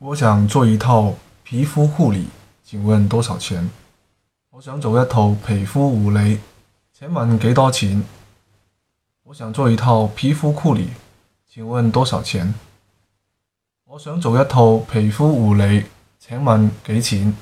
我想做一套皮膚護理，請問多少錢？我想做一套皮膚護理，請問幾多錢？我想做一套皮膚護理，請問多少錢？我想做一套皮膚護理，請問幾錢？